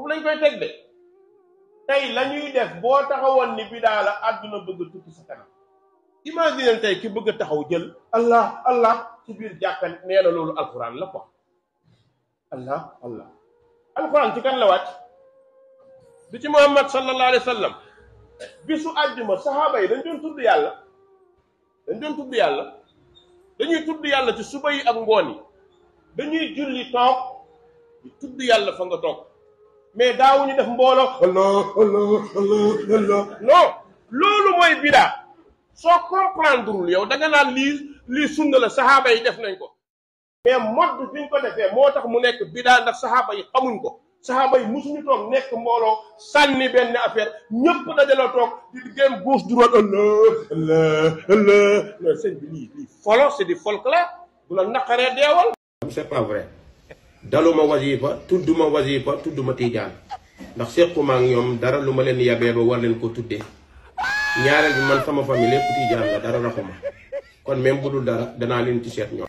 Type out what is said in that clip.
foofu lañ koy teg tey la ñuy def boo taxawoon ni bidaa la àdduna bëgg a sa kanam imagine tey ki bëgg a taxaw jël allah allah ci biir jàkka nee na loolu alxuraan la ko allah allah alxuraan ci kan la wàcc du ci muhammad sallallahu alayhi wa sallam bisu àjjuma saxaaba yi dañ doon tudd yàlla dañ doon tudd yàlla dañuy tudd yàlla ci suba yi ak ngoon yi dañuy julli toog di tudd yàlla fa nga toog mais daawuñu def mbolo allah allah allah allah non loolu moy bida so comprendre yow da nga na lii li sunna la sahaba yi def nañ ko mais mod bi ko defé motax mu nek bida ndax sahaba yi xamuñ ko sahaba yi musuñu toog nek mbolo sanni benn affaire ñepp da dajaloo tok di génn gauche droite allah allah allah non sëñ bi lii lii folo c'est du folklore du la nakare deewal c'est pas vrai daluma wasifa tudduma wasifa tudduma tiijaan ndax séquma ak ñoom dara lu ma leen yabee ba war leen ko tuddee ñaareel bi man sama famille lépp tiijaan la dara raxuma kon même bu dul dara danaa leen ci seet ñoom